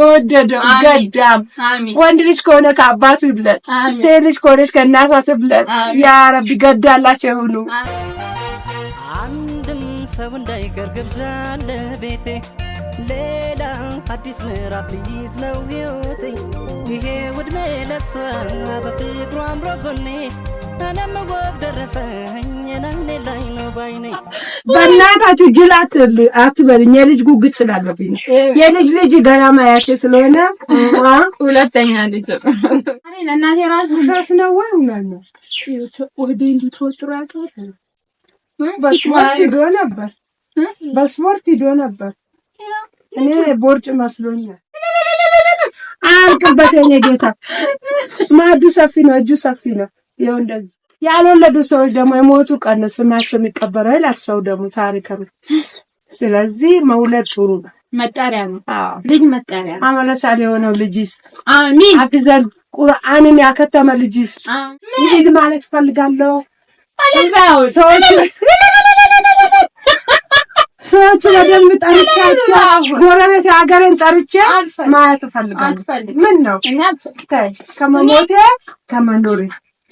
የወደደው ገዳም ወንድ ልጅ ከሆነ ከአባቱ ይብለጥ፣ ሴት ልጅ ከሆነች ከእናቷ ትብለጥ። ያ ረቢ ገዳላቸው ይሁኑ። አንድም ሰው እንዳይቀር ግብዣ ለቤቴ ሌላ አዲስ ምዕራፍ ልይዝ ነው ይወቴ ይሄ ውድሜ ለሷ በፍቅሩ አምሮ ጎኔ እኔም ወግ ደረሰኝ ናኔ ላይ ነው ባይኔ። በእናታችሁ ጅል አትበሉኝ፣ የልጅ ጉጉት ስላለብኝ የልጅ ልጅ ገና ማያሴ ስለሆነ ሁለተኛ ልጅ ለእናቴ ራሱ ሸፍ ነው ወይ ሁላለ ወደ እንዲትወጥሮ ያቀር በስፖርት ሂዶ ነበር፣ በስፖርት ሂዶ ነበር። እኔ ቦርጭ መስሎኛል። አልቅበት የኔ ጌታ ማዱ ሰፊ ነው፣ እጁ ሰፊ ነው። ይኸው እንደዚህ ያልወለዱ ሰዎች ደግሞ የሞቱ ቀን ስማቸው የሚቀበረው ይላል ሰው ደግሞ ታሪክ ነው። ስለዚህ መውለድ ጥሩ ነው፣ መጠሪያ ነው። ልጅ መጠሪያ አመለሳል የሆነው ልጅ ይስጥ። አሚን። አፍዘል ቁርአንን ያከተመ ልጅስ ይስጥ። ይሄን ማለት ፈልጋለሁ። ሰዎች በደንብ ጠርቻቸው ጎረቤት ሀገሬን ጠርቼ ማየት እፈልጋለሁ። ምን ነው ከመሞቴ ከመኖሬ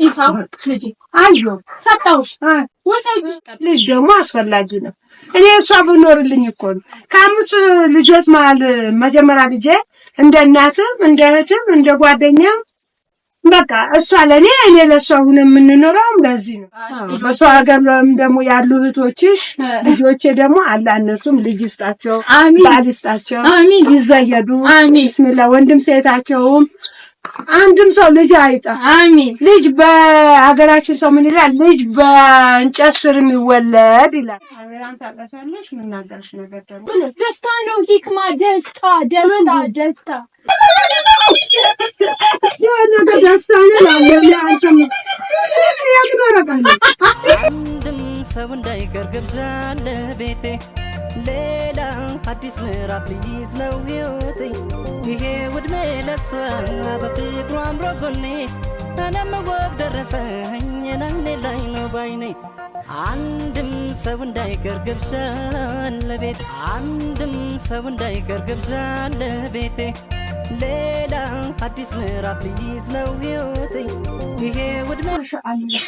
ይኸው ሰጣሁሽ። ወሰጂ ልጅ ደግሞ አስፈላጊ ነው። እኔ እሷ ብኖርልኝ እኮ ነው ከአምስት ልጆች መሀል መጀመሪያ ልጄ እንደ እናትም እንደ እህትም እንደ ጓደኛም በቃ እሷ ለእኔ እኔ ለእሷ ሁነ የምንኖረውም ለዚህ ነው። በሷ ሀገርም ደግሞ ያሉ እህቶችሽ ልጆቼ ደግሞ አላ እነሱም ልጅ ይስጣቸው፣ ባል ይስጣቸው፣ ይዘየዱ። ብስሚላ ወንድም ሴታቸውም አንድም ሰው ልጅ አይጣ። አሚን። ልጅ በሀገራችን ሰው ምን ይላል? ልጅ በእንጨት ስር የሚወለድ ይላል። ደስታ ነው ሂክማ፣ ደስታ ደስታ ደስታ አንድም ሰው እንዳይገርግብ ግብዣ ቤቴ ሌላ አዲስ ምዕራፍ ልይዝ ነው ይሄ ውድሜ ለሷ በፍቅሩ አምሮ ጎኔ እኔም ወግ ደረሰኝ ናይኔ ላይ ነው ባይኔ አንድም ሰው እንዳይቀር ግብዣ ለቤት አንድም ሰው እንዳይቀር ግብዣ ለቤቴ ሌላ አዲስ ምዕራፍ ልይዝ ነው ህይወቴ። ይሄ ውድ እንዴት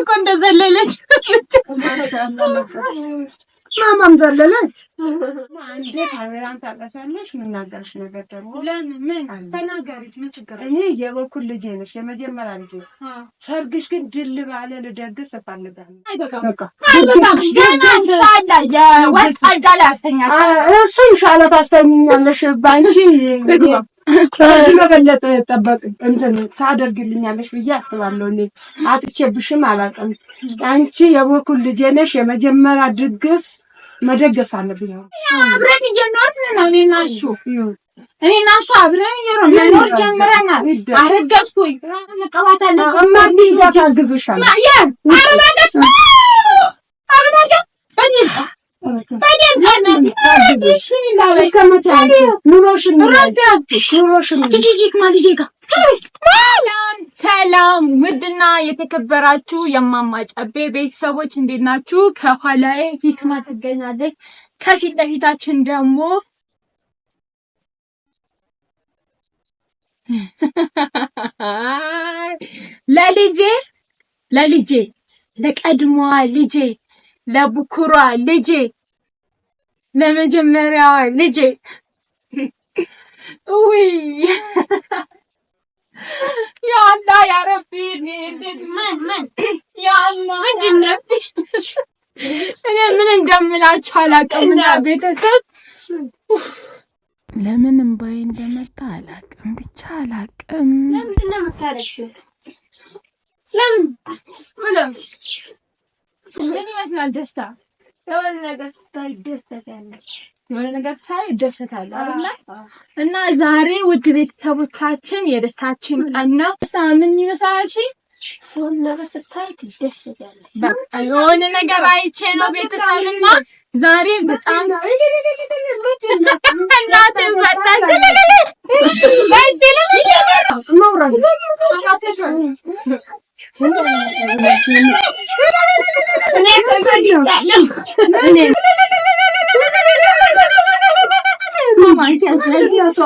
እኮ እንደዘለለች ማማም ዘለለች ካሜራን ታውቃታለሽ። የምናገርሽ ነገር ደግሞ ምን ተናገሪት፣ ምን ችግር እኔ የበኩል ልጄ ነሽ፣ የመጀመሪያ ልጄ። ሰርግሽ ግን ድል ባለ ልደግስ እፈልጋለሁ። እሱ ይሻላል ታስተኛለሽ ባንቺ ከዚህ በበለጠ ጠበቅ እንትን ታደርግልኛለሽ ብዬ አስባለሁ። እኔ አጥቼብሽም አላውቅም። አንቺ የበኩል ልጄ ነሽ። የመጀመሪያ ድግስ መደገስ አለብኝ። አብረን እየኖርን ነው። እኔና እሱ እኔና እሱ አብረን እየኖርን መኖር ጀምረናል። አረገዝኩኝ። መቀባት አለብኝ። እማዬ ታግዝሻለች። ሰላም ሰላም፣ ውድና የተከበራችሁ የማማ ጨቤ ቤተሰቦች እንዴት ናችሁ? ከኋላዬ ሂክማ ትገኛለች። ከፊት ለፊታችን ደግሞ ለልጄ ለልጄ ለቀድሞዋ ልጄ ለቡኩሯ ልጄ ለመጀመሪያ ልጄ ውይ ያላ ያረቢ ምን ምን ያላ ጅነቢ እኔ ምን እንደምላችሁ አላውቅም። ቤተሰብ ለምን እምባዬ እንደመጣ አላውቅም፣ ብቻ አላውቅም። ለምንድን ነው የምታለቅሽው? ለምን ምን ይመስላል ደስታ የሆነ ነገር ስታይ ደሰታለች፣ የሆነ ነገር ስታይ ደሰታለች አይደለ? እና ዛሬ ውድ ቤተሰቦቻችን የደስታችን ቀን ነው። ምን ይመስላል? የሆነ ነገር ስታይ ትደሰታለች። የሆነ ነገር አይቼ ነው ቤተሰብና ዛሬ በጣም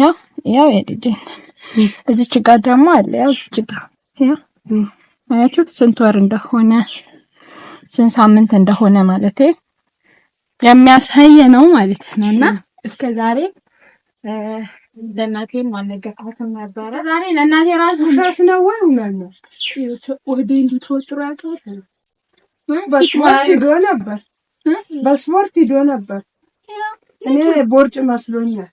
ያው ያው የልጄን እዚች ጋር ደግሞ አለ። ያው እዚች ጋር ያው ስንት ወር እንደሆነ ስንት ሳምንት እንደሆነ ማለት የሚያሳይ ነው ማለት ነውና እስከ ዛሬ ለእናቴ ማነገርኳትም ነበረ። ዛሬ ለእናቴ ራሱ ሸርፍ ነው ወይ ነው ወደ እንድትወጥሩ ያቀር በስፖርት ሂዶ ነበር፣ በስፖርት ሂዶ ነበር። እኔ ቦርጭ መስሎኛል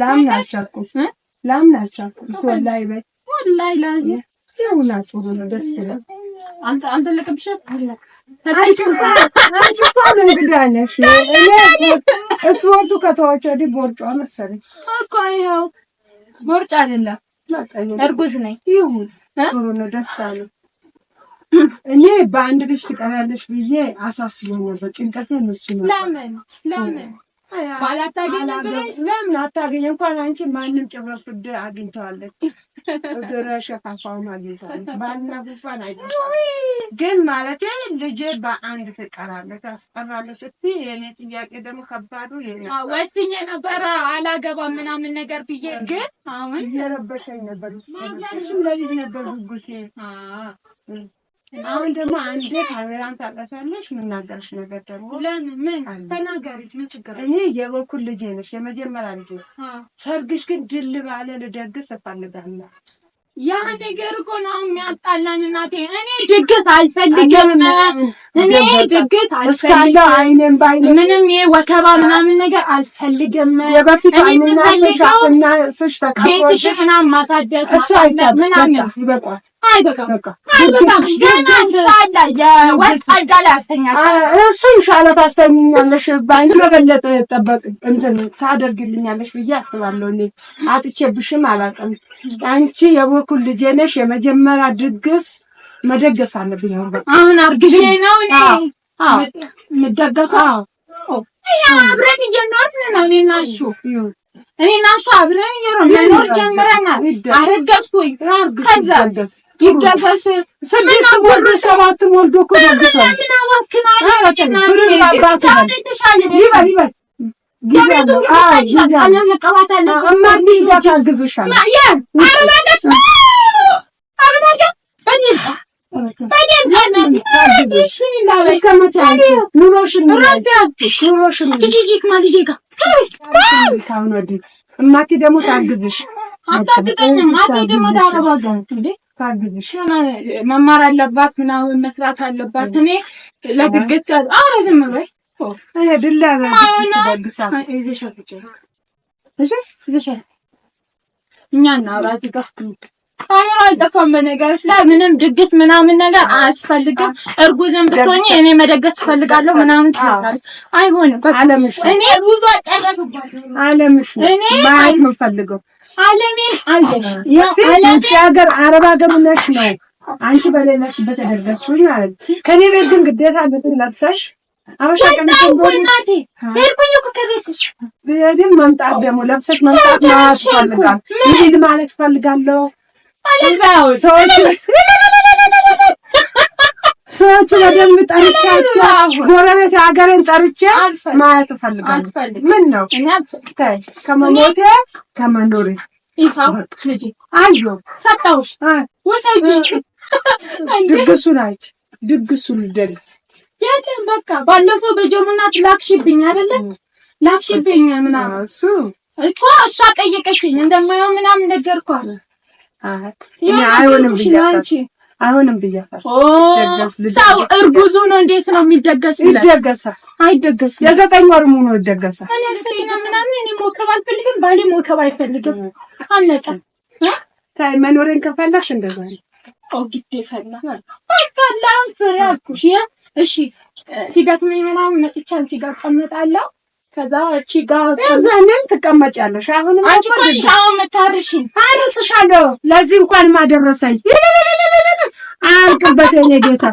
ላምን አልቻልኩም። ወዲህ ቦርጫ መሰለኝ እኮ ይኸው ቦርጫ አይደለም እርጉዝ ነኝ። ይሁን ጥሩ ነው። ደስታ ነው እኔ በአንድ ልጅ ትቀራለች ብዬ አሳስቦኝ በጭንቀት ጭንቀቴ ምሱ ነው። ለምን ለምን ለምን አታገኘ? እንኳን አንቺ ማንም ጭብረ ፍድ አግኝተዋለች፣ እግረ ሸፋፋውም አግኝተዋለች። ባልና ጉንፋን አይ ግን ማለት ልጄ በአንድ ትቀራለች አስቀራለ ስትይ የኔ ጥያቄ ደግሞ ከባዱ ወስኜ ነበረ አላገባ ምናምን ነገር ብዬ ግን አሁን እየረበሸኝ ነበር። ውስጥ ለልጅ ነበር ጉጉቴ አሁን ደግሞ አንዴ ካሜራን ታቀሳለሽ። የምናገርሽ ነገር ደግሞ ምን ተናገሪት፣ ምን ችግር? አለ? እኔ የበኩል ልጄ ነሽ፣ የመጀመሪያ ልጄ። ሰርግሽ ግን ድል ባለ ልደግስ እፈልጋለሁ። ያ ነገር እኮ ነው የሚያጣላን እናቴ። እኔ ድግስ አልፈልግም፣ እኔ ድግስ አልፈልግም፣ አይኔም ባይኔ ምንም ይሄ ወከባ ምናምን ነገር አልፈልግም። የበፊት አይንና ስሽ ቤትሽህና ማሳደስ ምናምን ይበቃል። አይበቃም በቃ አይበቃም። ገና ሳላ የወጥ እሱ ኢንሻአላህ ታስተኛለሽ ባይን መገለጥ ጠበቅ እንትን ታደርግልኛለሽ ብዬ አስባለሁ። እኔ አጥቼብሽም አላውቅም። አንቺ የበኩል ልጄ ነሽ። የመጀመሪያ ድግስ መደገስ አለብኝ። አሁን አሁን አርግሽ ነው እኔ አብረን እየኖርን ነው እኔና እሱ እኔና እሱ አብረን እየኖርን መኖር ጀምረናል። አረገዝኩኝ ከዛ ይደፈስ ስድስት ወልዶ ሰባት ወልዶ እኮ ደግቷል። እማቴ ደግሞ ታግዝሽ መማር አለባት ምናምን መስራት አለባት። እኔ ለግግት አረ ዝም በይ ድላ እኛ እናውራ እዚህ ጋር አልጠፋም። በነገሮች ላይ ምንም ድግስ ምናምን ነገር አያስፈልግም። እርጉዝም ብትሆኚ እኔ መደገስ እፈልጋለሁ ምናምን ትላለች። አይሆንም። በቃ እኔ ብዙ አጠረኩባት አለምሽ እኔ ማለት የምፈልገው አለሜን አየናል። ሀገር አረብ ሀገር ነሽ ነው አንቺ በሌለሽበት ያደረግሽው ማለት ነው። ከኔ ቤት ግን ግዴታ ምድር ለብሰሽ አበሻ መምጣት ደግሞ ለብሰሽ መምጣት ማለት ትፈልጋል ማለት ትፈልጋለሁ ሰዎች አንቺን በደንብ ጠርቻቸው ጎረቤት ሀገሬን ጠርቼ ማየት እፈልጋለሁ። ምን ነው ከመሞቴ ከመኖሬ አዩ ድግሱ ናች ድግሱ ልደግስ ያለን በቃ ባለፈው በጀሙና ላክሽብኝ አይደለ? ላክሽብኝ ምናምን እኮ እሷ ጠየቀችኝ እንደማየው ምናምን ነገርኳት። አይሆንም ብያለሁ አሁንም ብያታል። ሰው እርጉዙ ነው እንዴት ነው የሚደገስ? ይደገሳል፣ አይደገስም። የዘጠኝ ወር ሙሉ ይደገሳል። እኔ ልትል ምናምን እኔ መውከብ አልፈልግም፣ ባሌ መውከብ አይፈልግም። ታይ መኖሬን ከፈላሽ እንደዛ ነው። ኦ ግዴ ፈላ ፈላ ፍሬ አልኩሽ። እሺ ሲደክመኝ ምናምን መጥቼ አንቺ ጋር እቀመጣለሁ። ከዛ እቺ ጋር ዘንን ትቀመጫለሽ። አሁንም አንቺ ኮንሽ አሁን የምታርሺኝ አርስሻለሁ። ለዚህ እንኳን ማደረሰኝ አያልቅበት የኔ ጌታ።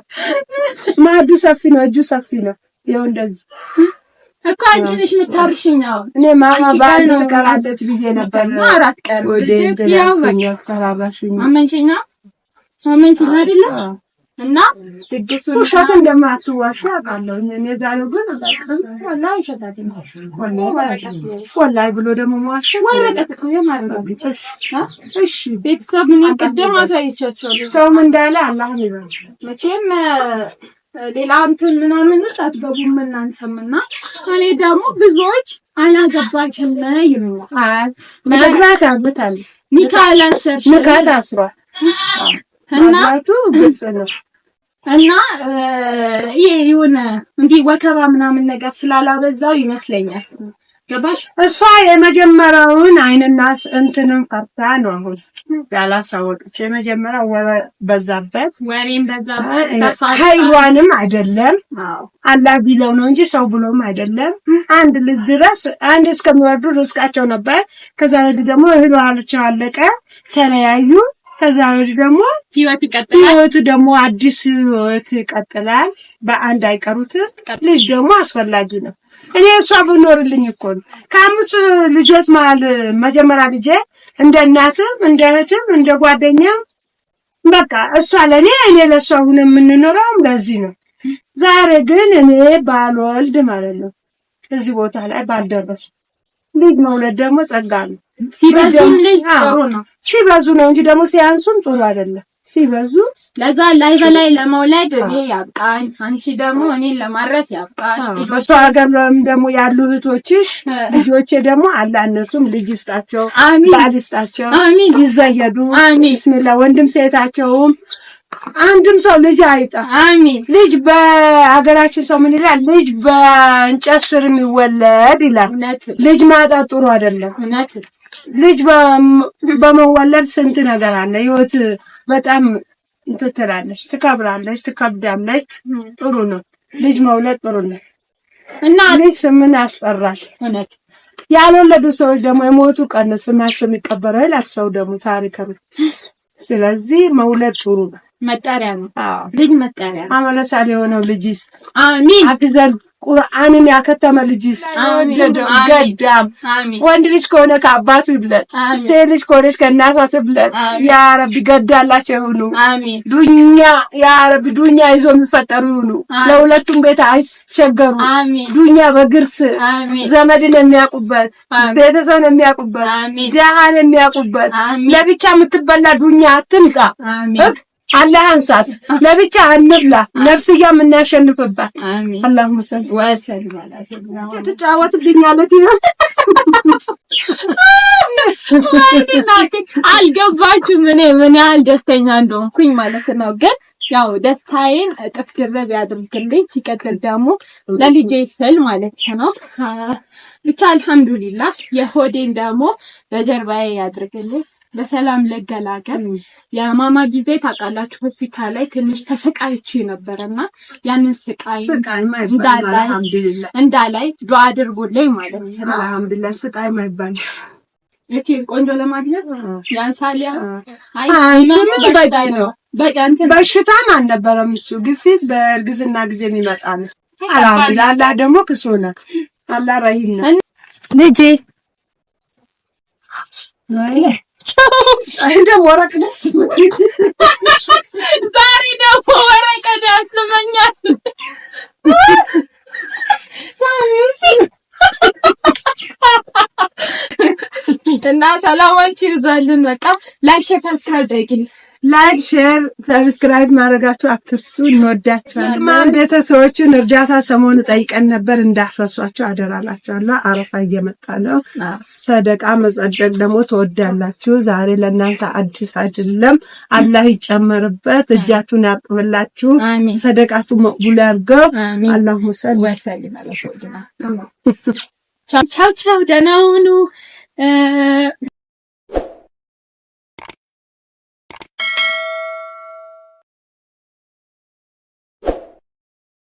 ማዱ ሰፊ ነው፣ እጁ ሰፊ ነው። ይኸው እንደዚህ እኮ አንቺ ነሽ የምታርሽኝ። እኔ ማማ በአንድ ትቀራለች ብዬ ነበር። አራት ቀን ወደ ተራራሽኝ አመንሽኛ አመንሽኛ አይደለም እና ድግሱን ውሸት እንደማትዋሽ አውቃለሁ። እኔ ዛሬው ግን ወላሂ ብሎ ደግሞ እሺ፣ ቤተሰብ ምን ቅድም አሳይቻቸዋለሁ። ሰውም እንዳለ አላህ ይበል። መቼም ሌላ እንትን ምናምን አትገቡም እናንተም እና እኔ ደግሞ ብዙዎች አላገባችም ይሉኛል። መግባት አግብታለች፣ ኒካ አላሰርሽም፣ ኒካ ታስሯል እና እና ይሄ የሆነ እንዲህ ወከባ ምናምን ነገር ስላላበዛው ይመስለኛል። ገባሽ? እሷ የመጀመሪያውን አይንና እንትንም ፈርታ ነው አሁን ያላሳወቅች። የመጀመሪያው ወሬ በዛበት፣ ወሬም በዛበት ሀይዋንም አይደለም አላ ቢለው ነው እንጂ ሰው ብሎም አይደለም። አንድ ልጅ ድረስ አንድ እስከሚወርዱ ርስቃቸው ነበር። ከዛ ወዲህ ደግሞ እህል ውሃቸው አለቀ፣ ተለያዩ። ከዛ ደግሞ ህይወት ይቀጥላል። ህይወቱ ደግሞ አዲስ ህይወት ይቀጥላል። በአንድ አይቀሩትም። ልጅ ደግሞ አስፈላጊ ነው። እኔ እሷ ብኖርልኝ እኮ ነው ከአምስት ልጆች መሀል መጀመሪያ ልጄ እንደ እናትም እንደ እህትም እንደ ጓደኛም በቃ እሷ ለእኔ እኔ ለእሷ ሁነ የምንኖረውም ለዚህ ነው። ዛሬ ግን እኔ ባልወልድ ማለት ነው እዚህ ቦታ ላይ ባልደረሱ ልጅ መውለድ ደግሞ ጸጋ ነው። ሲበዙም ልጅ ጥሩ ነው። ሲበዙ ነው እንጂ ደግሞ ሲያንሱም ጥሩ አይደለም። ሲበዙ ለዛ ላይ በላይ ለመውለድ እኔ ያብቃኝ፣ አንቺ ደግሞ እኔን ለማድረስ ያብቃሽ። በእሱ ሀገርም ደግሞ ያሉ እህቶችሽ ልጆቼ ደግሞ አላ እነሱም ልጅ ይስጣቸው፣ ባል ይስጣቸው፣ ይዘየዱ። ብስሚላ ወንድም ሴታቸውም አንድም ሰው ልጅ አይጣ። አሚን። ልጅ በሀገራችን ሰው ምን ይላል? ልጅ በእንጨት ስር የሚወለድ ይላል። ልጅ ማጣት ጥሩ አይደለም። ልጅ በመወለድ ስንት ነገር አለ። ህይወት በጣም እንትን ትላለች፣ ትከብራለች፣ ትከብዳለች። ጥሩ ነው ልጅ መውለድ ጥሩ ነው እና ልጅ ስምን ያስጠራል። ያልወለዱ ሰዎች ደግሞ የሞቱ ቀን ስማቸው የሚቀበረው ይላል ሰው ደግሞ ታሪክ ስለዚህ መውለድ ጥሩ ነው። መጠሪያ ነው። ልጅ መጠሪያ አመለሳል የሆነው ልጅ ይስጥ። አሚን። አፍዘል ቁርአንን ያከተመ ልጅ ይስጥ። ገዳም ወንድ ልጅ ከሆነ ከአባቱ ይብለጥ፣ ሴት ልጅ ከሆነች ከእናቷ ትብለጥ። ያ ረቢ ገዳላቸው ይሁኑ። ዱኛ ያ ረቢ ዱኛ ይዞ የሚፈጠሩ ይሁኑ። ለሁለቱም ቤት አይቸገሩ። ዱኛ በግርስ ዘመድን የሚያውቁበት ቤተሰብን የሚያውቁበት ደሃን የሚያውቁበት ለብቻ የምትበላ ዱኛ አትምጣ። አላህ አንሳት ለብቻ አንብላ ነፍስያ የምናሸንፍባት አላህ መሰል ወሰል ማለት ነው። ትጫወትብኛለህ አልገባችሁም? እኔ ምን ያህል ደስተኛ እንደሆንኩኝ ማለት ነው። ግን ያው ደስታዬን እጥፍ ድርብ ያድርግልኝ። ሲቀጥል ደግሞ ለልጄ ስል ማለት ነው ብቻ አልሐምዱሊላህ። የሆዴን ደግሞ በጀርባዬ ያድርግልኝ። በሰላም ልገላገል። የማማ ጊዜ ታውቃላችሁ፣ በፊታ ላይ ትንሽ ተሰቃይቼ ነበረና ያንን ስቃይ እንዳላይ ዱአ አድርጉልኝ ማለት ነው። አልሐምዱሊላህ ስቃይ ማይባል እቺ ቆንጆ ለማግኘት ያንሳሊያ አይ ስምንት በዳይ ነው። በሽታም አልነበረም እሱ ግፊት በእርግዝና ጊዜ የሚመጣ ነው። አልሐምዱሊላህ አላህ ደግሞ ክሶና አላህ ረሂም ነው ልጄ ደግሞ ወረቀት ዛሬ ደግሞ እና ሰላማችሁ ይብዛልን። በቃ ላይክ፣ ሼር፣ ሰብስክራይብ ላይክ ሼር ሰብስክራይብ ማድረጋችሁ አትርሱ። እንወዳችኋለን። ማን ቤተሰቦችን እርዳታ ሰሞኑ ጠይቀን ነበር እንዳፈሷቸው አደራላችኋለሁ። አረፋ እየመጣ ነው። ሰደቃ መጸደቅ ደግሞ ትወዳላችሁ። ዛሬ ለእናንተ አዲስ አይደለም። አላህ ይጨመርበት፣ እጃችሁን ያቅብላችሁ፣ ሰደቃችሁ መቅቡል ያርገው። አላሁ ሙሰል ቻው ቻው፣ ደህና ሁኑ።